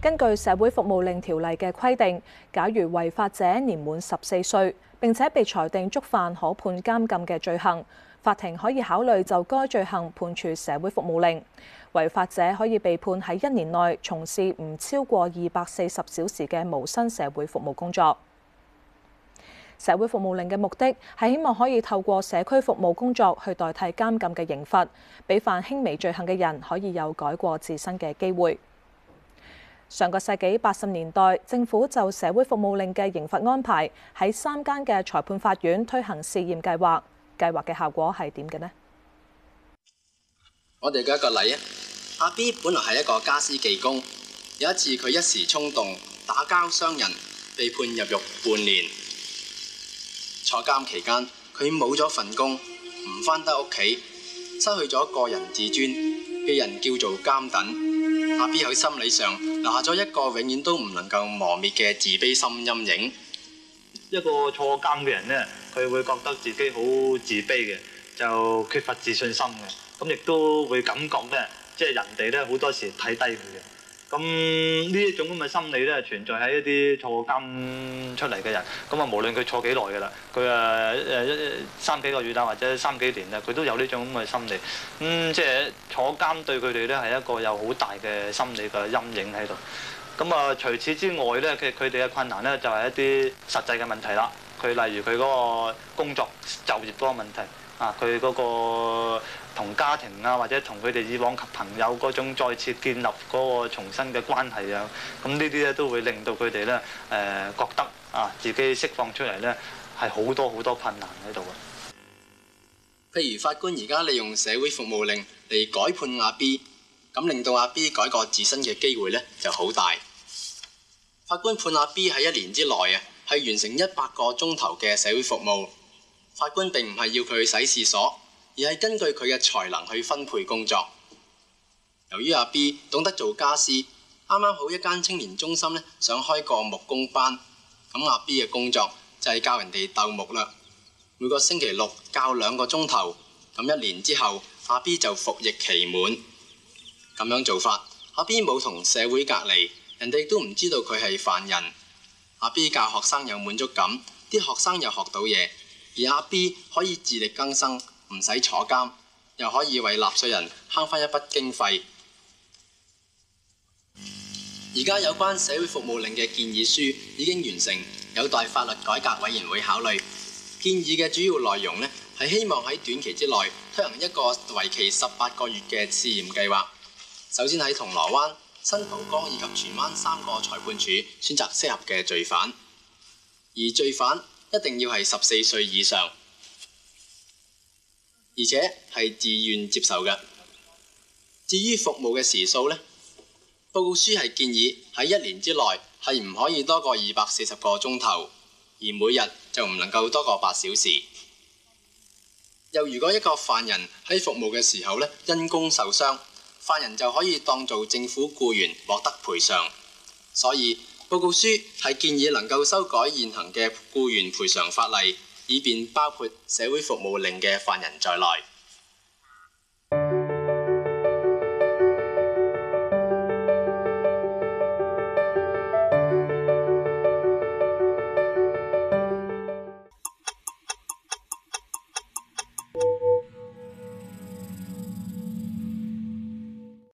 根據社會服務令條例嘅規定，假如違法者年滿十四歲並且被裁定觸犯可判監禁嘅罪行，法庭可以考慮就該罪行判處社會服務令。違法者可以被判喺一年內從事唔超過二百四十小時嘅無薪社會服務工作。社會服務令嘅目的係希望可以透過社區服務工作去代替監禁嘅刑罰，俾犯輕微罪行嘅人可以有改過自身嘅機會。上個世紀八十年代，政府就社會服務令嘅刑罰安排喺三間嘅裁判法院推行試驗計劃。計劃嘅效果係點嘅呢？我哋舉一個例啊，阿 B 本來係一個家私技工，有一次佢一時衝動打交傷人，被判入獄半年。坐監期間，佢冇咗份工，唔返得屋企，失去咗個人自尊，被人叫做監躉。阿 B 喺心理上，留下咗一個永遠都唔能夠磨滅嘅自卑心陰影。一個坐監嘅人呢，佢會覺得自己好自卑嘅，就缺乏自信心嘅，咁亦都會感覺呢，即係人哋呢好多時睇低佢嘅。咁呢一種咁嘅心理咧，存在喺一啲坐監出嚟嘅人。咁啊，無論佢坐幾耐嘅啦，佢一三幾個月啊，或者三幾年啊，佢都有呢種咁嘅心理。咁即係坐監對佢哋咧，係一個有好大嘅心理嘅陰影喺度。咁啊，除此之外咧，佢佢哋嘅困難咧，就係一啲實際嘅問題啦。佢例如佢嗰個工作就業嗰個問題。啊！佢嗰個同家庭啊，或者同佢哋以往及朋友嗰種再次建立嗰個重新嘅關係啊，咁呢啲咧都會令到佢哋咧誒覺得啊，自己釋放出嚟咧係好多好多困難喺度啊。譬如法官而家利用社會服務令嚟改判阿 B，咁令到阿 B 改過自身嘅機會咧就好大。法官判阿 B 喺一年之內啊，係完成一百個鐘頭嘅社會服務。法官並唔係要佢去洗廁所，而係根據佢嘅才能去分配工作。由於阿 B 懂得做家私，啱啱好一間青年中心咧想開個木工班，咁阿 B 嘅工作就係教人哋鬥木啦。每個星期六教兩個鐘頭，咁一年之後阿 B 就服役期滿。咁樣做法，阿 B 冇同社會隔離，人哋都唔知道佢係犯人。阿 B 教學生有滿足感，啲學生又學到嘢。而阿 B 可以自力更生，唔使坐監，又可以為納稅人慳翻一筆經費。而家有關社會服務令嘅建議書已經完成，有待法律改革委員會考慮。建議嘅主要內容呢，係希望喺短期之內推行一個為期十八個月嘅試驗計劃。首先喺銅鑼灣、新蒲崗以及荃灣三個裁判處選擇適合嘅罪犯，而罪犯。一定要係十四歲以上，而且係自願接受嘅。至於服務嘅時數呢，報告書係建議喺一年之內係唔可以多過二百四十個鐘頭，而每日就唔能夠多過八小時。又如果一個犯人喺服務嘅時候呢，因公受傷，犯人就可以當做政府僱員獲得賠償。所以。報告書係建議能夠修改現行嘅僱員賠償法例，以便包括社會服務令嘅犯人在內。